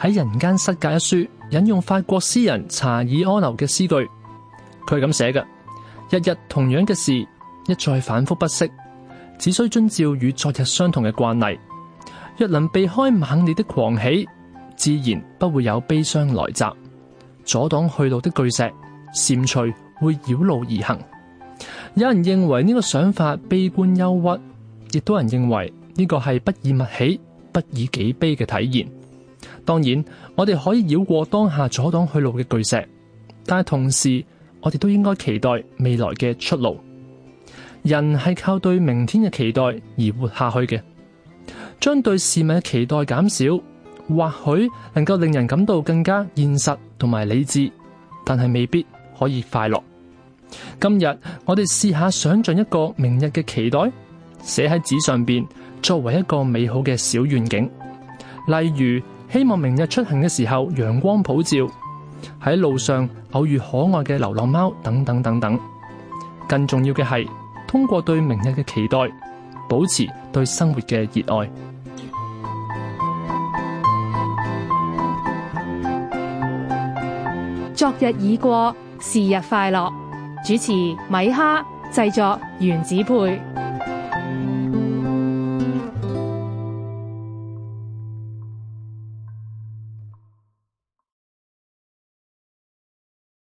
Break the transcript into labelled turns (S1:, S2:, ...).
S1: 喺人間失格一書引用法國詩人查爾柯流嘅詩句，佢係咁寫嘅：日日同樣嘅事，一再反覆不息，只需遵照與昨日相同嘅慣例，若能避開猛烈的狂喜，自然不會有悲傷來襲。阻擋去路的巨石，蟾蜍會繞路而行。有人認為呢個想法悲觀憂鬱，亦都有人認為呢個係不以物喜，不以己悲嘅體現。當然，我哋可以繞過當下阻擋去路嘅巨石，但係同時，我哋都應該期待未來嘅出路。人係靠對明天嘅期待而活下去嘅。將對事物嘅期待減少，或許能夠令人感到更加現實同埋理智，但係未必可以快樂。今日，我哋試下想象一個明日嘅期待，寫喺紙上邊，作為一個美好嘅小願景，例如：希望明日出行嘅時候陽光普照，喺路上偶遇可愛嘅流浪貓等等等等。更重要嘅係，通過對明日嘅期待，保持對生活嘅熱愛。昨日已過，是日快樂。主持米哈，製作原子配。